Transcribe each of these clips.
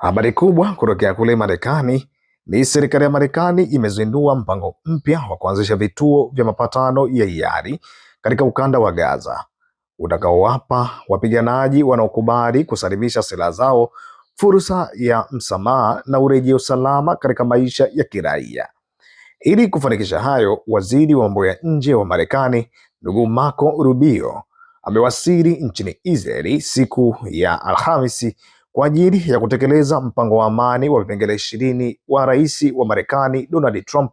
Habari kubwa kutokea kule Marekani ni serikali ya Marekani imezindua mpango mpya wa kuanzisha vituo vya mapatano ya hiari katika ukanda wa Gaza utakaowapa wapiganaji wanaokubali kusalimisha silaha zao fursa ya msamaha na urejeo salama katika maisha ya kiraia. Ili kufanikisha hayo, waziri wa mambo ya nje wa Marekani ndugu Marco Rubio amewasili nchini Israeli siku ya Alhamisi kwa ajili ya kutekeleza mpango wa amani wa vipengele ishirini wa rais wa Marekani Donald Trump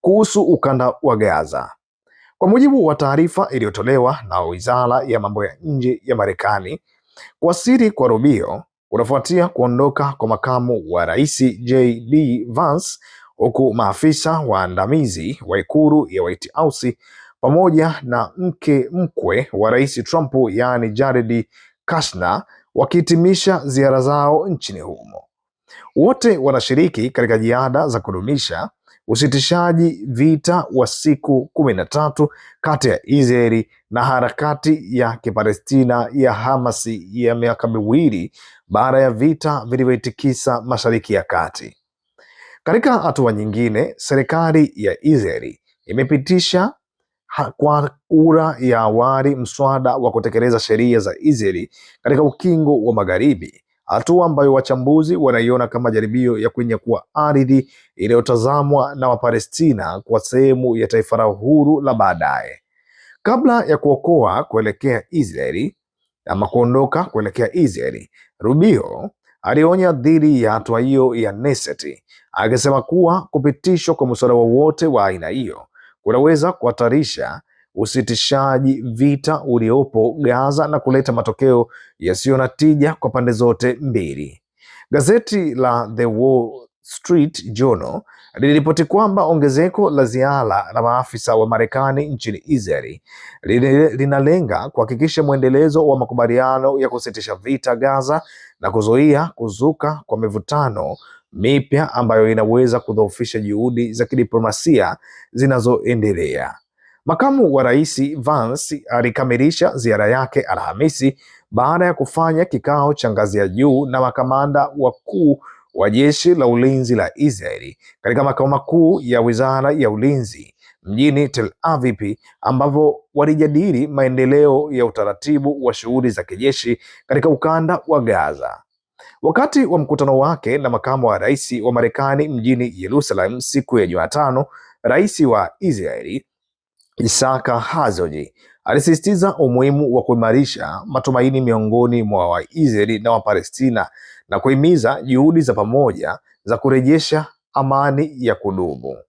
kuhusu ukanda wa Gaza. Kwa mujibu wa taarifa iliyotolewa na Wizara ya Mambo ya Nje ya Marekani, kuasiri kwa Rubio unafuatia kuondoka kwa makamu wa rais JD Vance, huku maafisa waandamizi wa ikulu ya White House pamoja na mke mkwe wa rais Trump, yaani Jared Kushner wakihitimisha ziara zao nchini humo. Wote wanashiriki katika jihada za kudumisha usitishaji vita wa siku kumi na tatu kati ya Israeli na harakati ya Kipalestina ya Hamasi ya miaka miwili baada ya vita vilivyoitikisa Mashariki ya Kati. Katika hatua nyingine, serikali ya Israeli imepitisha kwa kura ya awali mswada wa kutekeleza sheria za Israeli katika ukingo wa Magharibi, hatua ambayo wachambuzi wanaiona kama jaribio ya kunyakua ardhi iliyotazamwa na Wapalestina kwa sehemu ya taifa la uhuru la baadaye, kabla ya kuokoa kuelekea Israeli ama kuondoka kuelekea Israeli. Rubio alionya dhidi ya hatua hiyo ya Knesset akisema kuwa kupitishwa kwa mswada wowote wa aina hiyo kunaweza kuhatarisha usitishaji vita uliopo Gaza na kuleta matokeo yasiyo na tija kwa pande zote mbili. Gazeti la The Wall Street Journal liliripoti kwamba ongezeko la ziara la maafisa wa Marekani nchini Israeli linalenga kuhakikisha mwendelezo wa makubaliano ya kusitisha vita Gaza na kuzuia kuzuka kwa mivutano mipya ambayo inaweza kudhoofisha juhudi za kidiplomasia zinazoendelea. Makamu wa Rais Vance alikamilisha ziara yake Alhamisi baada ya kufanya kikao cha ngazi ya juu na makamanda wakuu wa jeshi la ulinzi la Israeli katika makao makuu ya Wizara ya Ulinzi mjini Tel Aviv ambapo walijadili maendeleo ya utaratibu wa shughuli za kijeshi katika ukanda wa Gaza. Wakati wa mkutano wake na makamu wa rais wa Marekani mjini Yerusalem siku ya Jumatano, rais wa Israeli Isaka Hazoji alisisitiza umuhimu wa kuimarisha matumaini miongoni mwa Waisraeli na Wapalestina na kuhimiza juhudi za pamoja za kurejesha amani ya kudumu.